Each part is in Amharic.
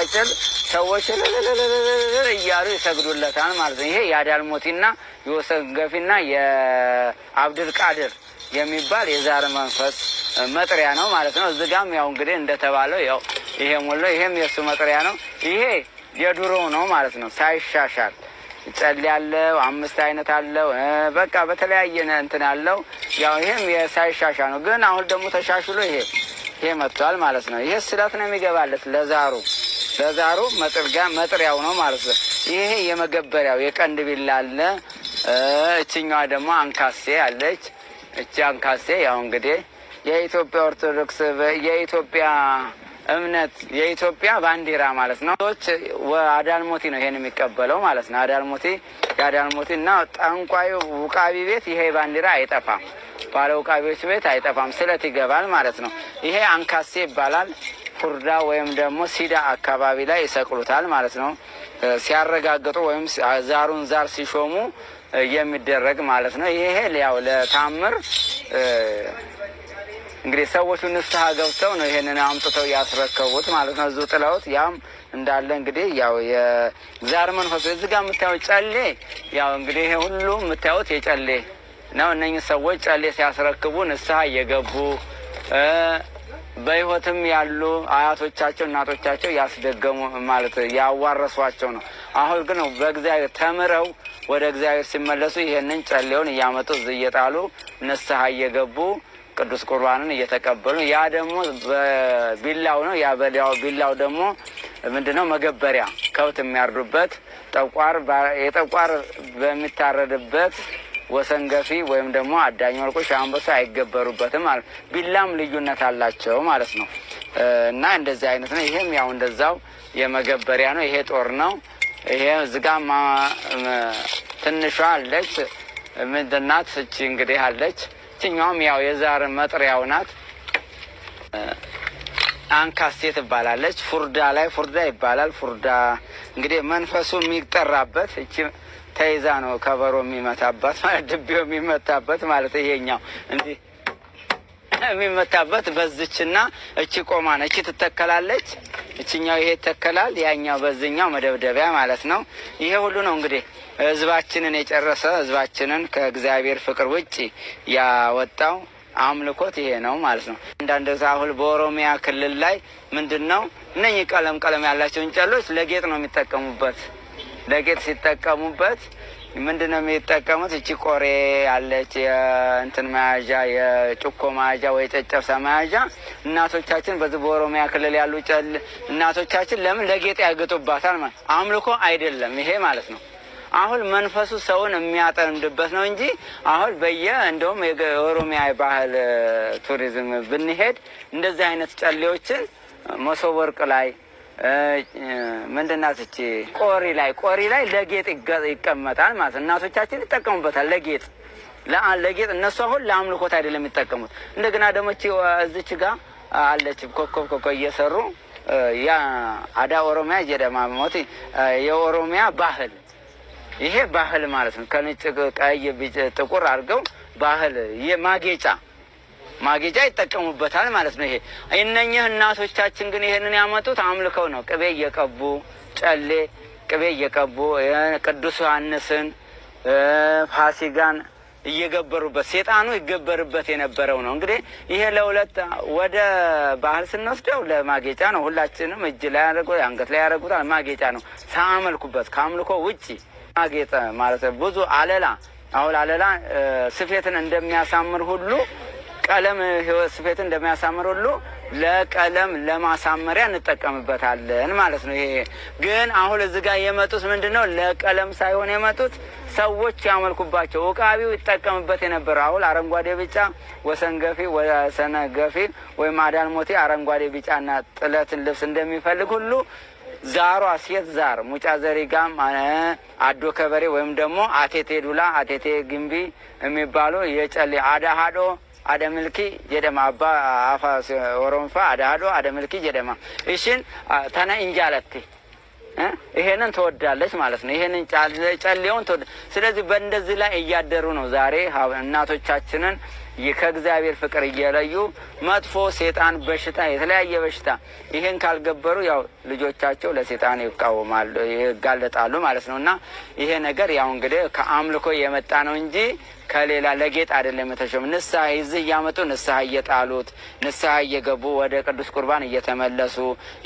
አይችል ሰዎች እያሉ ይሰግዱለታል ማለት ነው። ይሄ የአዳልሞቲና ገፊና የአብድል ቃድር የሚባል የዛር መንፈስ መጥሪያ ነው ማለት ነው። እዚህ ጋም ያው እንግዲህ እንደተባለው ያው ይሄ ሞሎ ይሄም የእሱ መጥሪያ ነው። ይሄ የድሮው ነው ማለት ነው ሳይሻሻል ጸል ያለው አምስት አይነት አለው። በቃ በተለያየ እንትን አለው። ያው ይሄም የሳይሻሻ ነው፣ ግን አሁን ደግሞ ተሻሽሎ ይሄ ይሄ መጥቷል ማለት ነው። ይሄ ስለት ነው የሚገባለት ለዛሩ በዛሩ መጥርጋ መጥሪያው ነው ማለት ነው። ይሄ የመገበሪያው የቀንድ ቢላ አለ። እችኛዋ ደግሞ አንካሴ አለች። እቺ አንካሴ ያው እንግዲህ የኢትዮጵያ ኦርቶዶክስ የኢትዮጵያ እምነት የኢትዮጵያ ባንዲራ ማለት ነው። ዎች አዳልሞቲ ነው ይሄን የሚቀበለው ማለት ነው። አዳልሞቲ የአዳልሞቲ እና ጠንቋዩ ውቃቢ ቤት ይሄ ባንዲራ አይጠፋም። ባለ ውቃቢዎች ቤት አይጠፋም። ስለት ይገባል ማለት ነው። ይሄ አንካሴ ይባላል። ኩርዳ ወይም ደግሞ ሲዳ አካባቢ ላይ ይሰቅሉታል ማለት ነው። ሲያረጋግጡ ወይም ዛሩን ዛር ሲሾሙ የሚደረግ ማለት ነው። ይሄ ያው ለታምር እንግዲህ ሰዎቹ ንስሐ ገብተው ነው ይሄንን አምጥተው ያስረከቡት ማለት ነው። እዙ ጥለውት ያም እንዳለ እንግዲህ ያው የዛር መንፈሱ እዚህ ጋር የምታዩት ጨሌ ያው እንግዲህ ይሄ ሁሉ የምታዩት የጨሌ ነው። እነኝህ ሰዎች ጨሌ ሲያስረክቡ ንስሐ እየገቡ በህይወትም ያሉ አያቶቻቸው እናቶቻቸው ያስደገሙ ማለት ያዋረሷቸው ነው። አሁን ግን በእግዚአብሔር ተምረው ወደ እግዚአብሔር ሲመለሱ ይህንን ጨሌውን እያመጡ እዚህ እየጣሉ ንስሐ እየገቡ ቅዱስ ቁርባንን እየተቀበሉ ያ ደግሞ ቢላው ነው። ያ ቢላው ደግሞ ምንድነው? መገበሪያ ከብት የሚያርዱበት ጠቋር የጠቋር በሚታረድበት ወሰን ገፊ ወይም ደግሞ አዳኝ ወርቆች አንበሳ አይገበሩበትም አለ። ቢላም ልዩነት አላቸው ማለት ነው። እና እንደዚህ አይነት ነው። ይሄም ያው እንደዛው የመገበሪያ ነው። ይሄ ጦር ነው። ይሄ ዝጋማ ትንሿ አለች ምንድናት? እቺ እንግዲህ አለች። ትኛውም ያው የዛር መጥሪያው ናት። አንካስቴ ትባላለች። ፉርዳ ላይ ፉርዳ ይባላል። ፉርዳ እንግዲህ መንፈሱ የሚጠራበት እቺ ተይዛ ነው ከበሮ የሚመታበት ማለት ድቤው የሚመታበት ማለት ይሄኛው እንዲህ የሚመታበት በዝችና እቺ ቆማ ነው። እቺ ትተከላለች፣ እችኛው ይሄ ይተከላል፣ ያኛው በዝኛው መደብደቢያ ማለት ነው። ይሄ ሁሉ ነው እንግዲህ ህዝባችንን የጨረሰ ህዝባችንን ከእግዚአብሔር ፍቅር ውጭ ያወጣው አምልኮት ይሄ ነው ማለት ነው። አንዳንድ አሁን በኦሮሚያ ክልል ላይ ምንድን ነው እነኚህ ቀለም ቀለም ያላቸው እንጨሎች ለጌጥ ነው የሚጠቀሙበት ለጌጥ ሲጠቀሙበት ምንድን ነው የሚጠቀሙት? እቺ ቆሬ ያለች የእንትን መያዣ የጭኮ መያዣ ወይ ጨጨብሳ መያዣ እናቶቻችን በዚህ በኦሮሚያ ክልል ያሉ ጨል እናቶቻችን ለምን ለጌጥ ያገጡባታል? ማለት አምልኮ አይደለም ይሄ ማለት ነው። አሁን መንፈሱ ሰውን የሚያጠምድበት ነው እንጂ አሁን በየ እንደውም የኦሮሚያ ባህል ቱሪዝም ብንሄድ እንደዚህ አይነት ጨሌዎችን መሶብ ወርቅ ላይ ምንድናት እች ቆሪ ላይ ቆሪ ላይ ለጌጥ ይቀመጣል ማለት እናቶቻችን ይጠቀሙበታል ለጌጥ ለጌጥ እነሱ አሁን ለአምልኮት አይደለም የሚጠቀሙት። እንደገና ደግሞ እዚች ጋር አለች ኮከብ ኮከብ እየሰሩ ያ አዳ ኦሮሚያ ጀደማሞት የኦሮሚያ ባህል ይሄ ባህል ማለት ነው። ከነጭ ቀይ ጥቁር አድርገው ባህል የማጌጫ ማጌጫ ይጠቀሙበታል ማለት ነው። ይሄ እነኚህ እናቶቻችን ግን ይህንን ያመጡት አምልከው ነው። ቅቤ እየቀቡ ጨሌ ቅቤ እየቀቡ ቅዱስ ዮሐንስን ፋሲጋን እየገበሩበት ሴጣኑ ይገበርበት የነበረው ነው። እንግዲህ ይሄ ለሁለት ወደ ባህል ስንወስደው ለማጌጫ ነው። ሁላችንም እጅ ላይ ያደረጉ አንገት ላይ ያደረጉታል። ማጌጫ ነው። ሳያመልኩበት ከአምልኮ ውጪ ማጌጠ ማለት ብዙ አለላ አሁን አለላ ስፌትን እንደሚያሳምር ሁሉ ቀለም ህይወት ስፌት እንደሚያሳምር ሁሉ ለቀለም ለማሳመሪያ እንጠቀምበታለን ማለት ነው። ይሄ ግን አሁን እዚህ ጋር የመጡት ምንድን ነው? ለቀለም ሳይሆን የመጡት ሰዎች ያመልኩባቸው ውቃቢው ይጠቀምበት የነበረ አሁን አረንጓዴ ቢጫ ወሰንገፊ ወሰነገፊ ወይም አዳን ሞቴ አረንጓዴ ቢጫና ጥለትን ልብስ እንደሚፈልግ ሁሉ ዛሯ ሴት ዛር ሙጫ ዘሪጋም አዶ ከበሬ ወይም ደግሞ አቴቴ ዱላ አቴቴ ግንቢ የሚባሉ የጨሌ አዳሃዶ አደምልኪ ጀደማ አባ አፋ ኦሮንፋ አዳዶ አደምልኪ ጀደማ እሽን ተነ እንጃለቲ ይሄንን ትወዳለች ማለት ነው። ይሄንን ጨሌውን ትወዳ። ስለዚህ በእንደዚህ ላይ እያደሩ ነው ዛሬ እናቶቻችንን ከእግዚአብሔር ፍቅር እየለዩ መጥፎ ሴጣን በሽታ የተለያየ በሽታ ይሄን ካልገበሩ ያው ልጆቻቸው ለሴጣን ይቃወማሉ፣ ይጋለጣሉ ማለት ነው። እና ይሄ ነገር ያው እንግዲህ ከአምልኮ የመጣ ነው እንጂ ከሌላ ለጌጥ አይደለም የተሾም ንስሐ ይዝ እያመጡ ንስሐ እየጣሉት ንስሐ እየገቡ ወደ ቅዱስ ቁርባን እየተመለሱ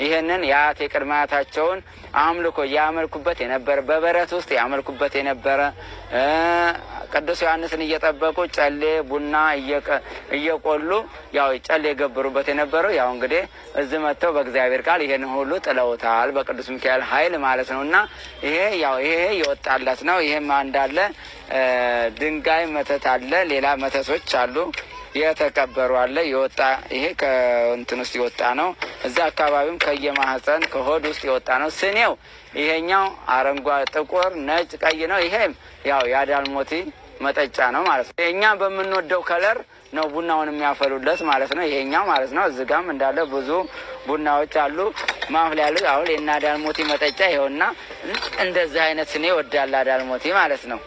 ይህንን የአት የቅድማታቸውን አምልኮ እያመልኩበት የነበረ በበረት ውስጥ ያመልኩበት የነበረ ቅዱስ ዮሐንስን እየጠበቁ ጨሌ ቡና እየቆሉ ያው ጨሌ የገብሩበት የነበረው ያው እንግዲህ እዚህ መጥተው በእግዚአብሔር ቃል ይህን ሁሉ ጥለውታል በቅዱስ ሚካኤል ኃይል ማለት ነው። እና ይሄ ያው ይሄ የወጣላት ነው። ይሄም እንዳለ ድንጋይ መተት አለ፣ ሌላ መተቶች አሉ፣ የተቀበሩ አለ። የወጣ ይሄ ከእንትን ውስጥ የወጣ ነው። እዛ አካባቢም ከየማህፀን ከሆድ ውስጥ የወጣ ነው። ስኔው ይሄኛው አረንጓ፣ ጥቁር፣ ነጭ፣ ቀይ ነው። ይሄም ያው የአዳልሞቲ መጠጫ ነው ማለት ነው። እኛ በምንወደው ከለር ነው ቡናውን የሚያፈሉለት ማለት ነው። ይሄኛው ማለት ነው። እዚህ ጋም እንዳለ ብዙ ቡናዎች አሉ። ማፍል ያሉት አሁን የና ዳልሞቲ መጠጫ ይኸውና፣ እንደዚህ አይነት ስኔ ወዳላ ዳልሞቲ ማለት ነው።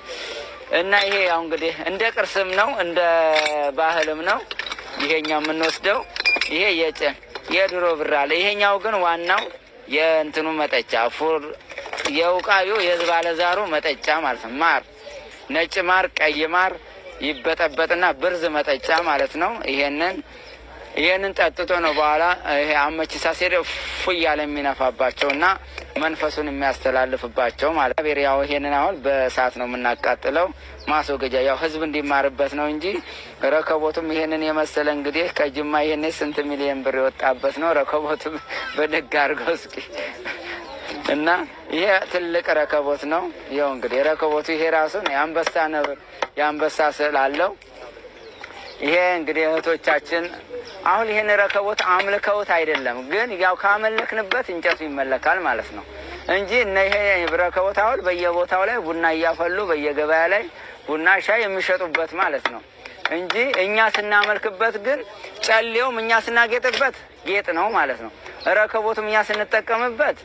እና ይሄ ያው እንግዲህ እንደ ቅርስም ነው እንደ ባህልም ነው። ይሄኛው የምንወስደው ይሄ የጭ የድሮ ብር አለ። ይሄኛው ግን ዋናው የእንትኑ መጠጫ ፉር የውቃቢው የዝባለዛሩ መጠጫ ማለት ነው። ማር ነጭ ማር፣ ቀይ ማር ይበጠበጥና ብርዝ መጠጫ ማለት ነው። ይሄንን ይህንን ጠጥቶ ነው በኋላ ይሄ አመቺሳ ሲል ፉ እያለ የሚነፋባቸው እና መንፈሱን የሚያስተላልፍባቸው ማለት ቤር ያው ይሄንን አሁን በእሳት ነው የምናቃጥለው። ማስወገጃ ያው ህዝብ እንዲማርበት ነው እንጂ ረከቦቱም ይሄንን የመሰለ እንግዲህ ከጅማ ይሄኔ ስንት ሚሊየን ብር የወጣበት ነው ረከቦቱም በደግ አድርገው እስኪ እና ይሄ ትልቅ ረከቦት ነው። ያው እንግዲህ ረከቦቱ ይሄ ራሱ የአንበሳ ነብር የአንበሳ ስዕል አለው። ይሄ እንግዲህ እህቶቻችን አሁን ይሄን ረከቦት አምልከውት አይደለም፣ ግን ያው ካመለክንበት እንጨቱ ይመለካል ማለት ነው እንጂ እነ ይሄ ረከቦት አሁን በየቦታው ላይ ቡና እያፈሉ በየገበያ ላይ ቡና ሻይ የሚሸጡበት ማለት ነው እንጂ እኛ ስናመልክበት ግን ጨሌውም እኛ ስናጌጥበት ጌጥ ነው ማለት ነው። ረከቦቱም እኛ ስንጠቀምበት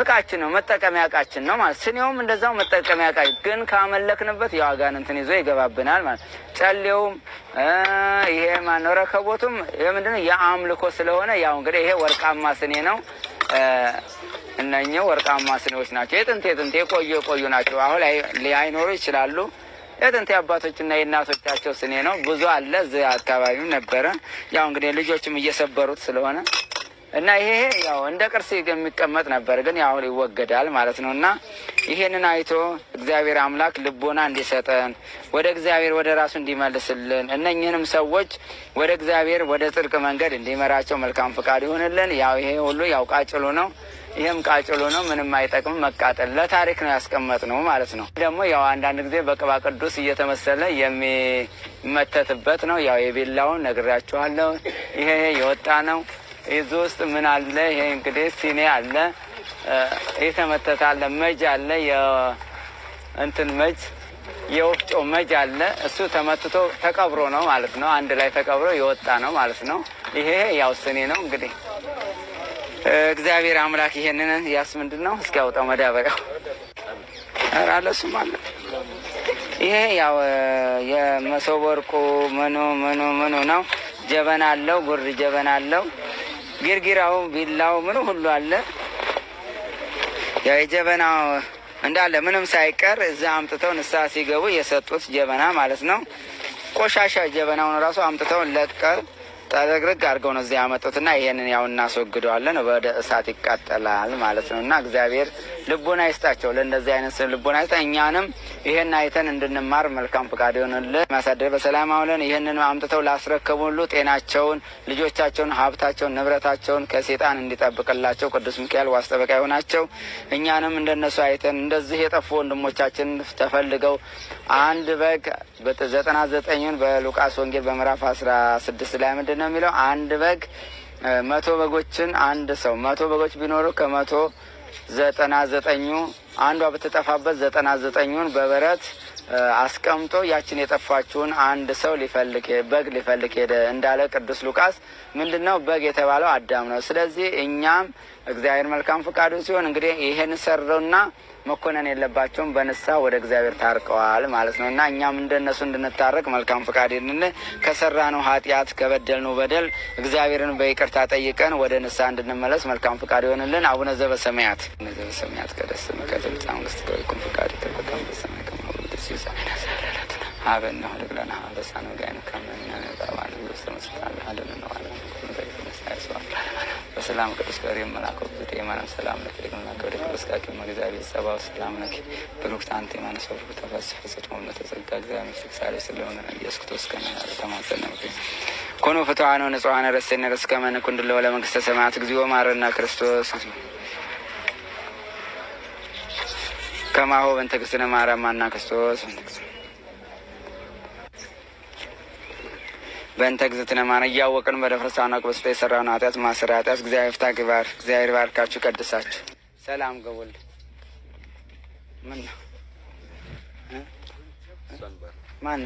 እቃችን ነው፣ መጠቀሚያ እቃችን ነው ማለት ስኔውም እንደዛው መጠቀሚያ እቃ ግን ካመለክንበት እንትን ይዞ ይገባብናል ማለት ጨሌውም ይሄ ማነው ረከቦቱም ምንድነው የአምልኮ ስለሆነ ያው እንግዲህ ይሄ ወርቃማ ስኔ ነው። እነኚህ ወርቃማ ስኔዎች ናቸው። የጥንት የጥንት የቆዩ የቆዩ ናቸው። አሁን ላይኖሩ ይችላሉ። የጥንት የአባቶችና የእናቶቻቸው ስኔ ነው። ብዙ አለ እዚህ አካባቢም ነበረ። ያው እንግዲህ ልጆችም እየሰበሩት ስለሆነ እና ይሄ ያው እንደ ቅርስ የሚቀመጥ ነበር፣ ግን ያው ይወገዳል ማለት ነው። እና ይሄንን አይቶ እግዚአብሔር አምላክ ልቦና እንዲሰጠን ወደ እግዚአብሔር ወደ ራሱ እንዲመልስልን እነኝህንም ሰዎች ወደ እግዚአብሔር ወደ ጽድቅ መንገድ እንዲመራቸው መልካም ፈቃድ ይሆንልን። ያው ይሄ ሁሉ ያው ቃጭሎ ነው፣ ይህም ቃጭሉ ነው። ምንም አይጠቅም፣ መቃጠል ለታሪክ ነው ያስቀመጥ ነው ማለት ነው። ደግሞ ያው አንዳንድ ጊዜ በቅባ ቅዱስ እየተመሰለ የሚመተትበት ነው። ያው የቤላውን ነግሬያችኋለሁ። ይሄ የወጣ ነው። የዚ ውስጥ ምን አለ? ይሄ እንግዲህ ሲኔ አለ፣ የተመተተ አለ፣ መጅ አለ፣ እንትን መጅ የወፍጮ መጅ አለ። እሱ ተመትቶ ተቀብሮ ነው ማለት ነው። አንድ ላይ ተቀብሮ የወጣ ነው ማለት ነው። ይሄ ያው ስኔ ነው እንግዲህ እግዚአብሔር አምላክ ይሄንን ያስ ምንድን ነው እስኪያውጣው መዳበሪያው አለሱም አለ። ይሄ ያው የመሶበ ወርቁ ምኑ ምኑ ምኑ ነው። ጀበና አለው፣ ጉርድ ጀበና አለው። ጌርጌራው ቢላው ምን ሁሉ አለ። ያው የጀበና እንዳለ ምንም ሳይቀር እዛ አምጥተው ንስሐ ሲገቡ የሰጡት ጀበና ማለት ነው። ቆሻሻ ጀበናውን ራሱ አምጥተውን ለቀ ጠረግረግ አድርገው ነው እዚህ ያመጡትና ይሄንን ያው እናስወግደዋለን፣ ወደ እሳት ይቃጠላል ማለት ነው። እና እግዚአብሔር ልቡን ይስጣቸው ለእንደዚህ አይነት ስለ ልቡን ይስጣ። እኛንም ይሄን አይተን እንድንማር መልካም ፈቃድ ይሆንልን። ማሳደር በሰላም አውለን። ይህንን አምጥተው ላስረከቡ ሁሉ ጤናቸውን፣ ልጆቻቸውን፣ ሀብታቸውን፣ ንብረታቸውን ከሴጣን እንዲጠብቅላቸው ቅዱስ ሚካኤል ዋስ ይሆናቸው። እኛንም እንደነሱ አይተን እንደዚህ የጠፉ ወንድሞቻችን ተፈልገው አንድ በግ ዘጠና ዘጠኝን በሉቃስ ወንጌል በምዕራፍ አስራ ስድስት ላይ ምንድን ነው የሚለው አንድ በግ መቶ በጎችን አንድ ሰው መቶ በጎች ቢኖሩ ከመቶ ዘጠና ዘጠኙ አንዷ ብትጠፋበት ዘጠና ዘጠኙን በበረት አስቀምጦ ያችን የጠፋችውን አንድ ሰው ሊፈልግ በግ ሊፈልግ ሄደ እንዳለ ቅዱስ ሉቃስ ምንድን ነው በግ የተባለው አዳም ነው። ስለዚህ እኛም እግዚአብሔር መልካም ፈቃዱ ሲሆን እንግዲህ ይህን ሰረውና መኮነን የለባቸውም በንሳ ወደ እግዚአብሔር ታርቀዋል ማለት ነው። እና እኛም እንደነሱ እንድንታረቅ መልካም ፈቃድ ንን ነው ኃጢአት ነው በደል እግዚአብሔርን በይቅርታ ጠይቀን ወደ ንሳ እንድንመለስ መልካም ፈቃድ ይሆንልን። አቡነ ዘበሰማያት ዘበሰማያት ቀደስ ከትምጻ መንግስት ከይኩም ፈቃድ ከበቃ ሀበነ ኅሉግ ለነ ሀበሳነ ወጋየነ ከመ ንዕረግ መንግሥተ ምስላለ አድኅኖ ዓለም በሰላም ቅዱስ ገብርኤል መልአከ ውእቱ የማርያም ሰላም ለኪ ደግሞና ከብደ ቅዱስ ቃኪሞ እግዚአብሔር ጸባው ሰላም ለኪ ብሩክት አንቲ የማነ ሰብሩ ተፈስሒ ጽድቆም ለተዘጋ እግዚአብሔር ትክሳሪ ስለሆነ ኢየሱስ ክርስቶስ ከናያለ ተማጸነ ኮኖ ፍትሐ ነው ንጽዋነ ረሴነ ረስከመ ንኩን ድለወለ መንግሥተ ሰማያት እግዚኦ ማረና ክርስቶስ ከማሆ በእንተ እግዝእትነ ማርያም ማና ክርስቶስ በእንተ እግዝእትነ ማርያም እያወቅን በደፍረት ቁበስተ በስተ የሰራውን ኃጢአት ማሰሪያ ኃጢአት እግዚአብሔር ፍታ ግባር እግዚአብሔር ባርካችሁ ቀድሳችሁ ሰላም ገቡል ምን ነው ማን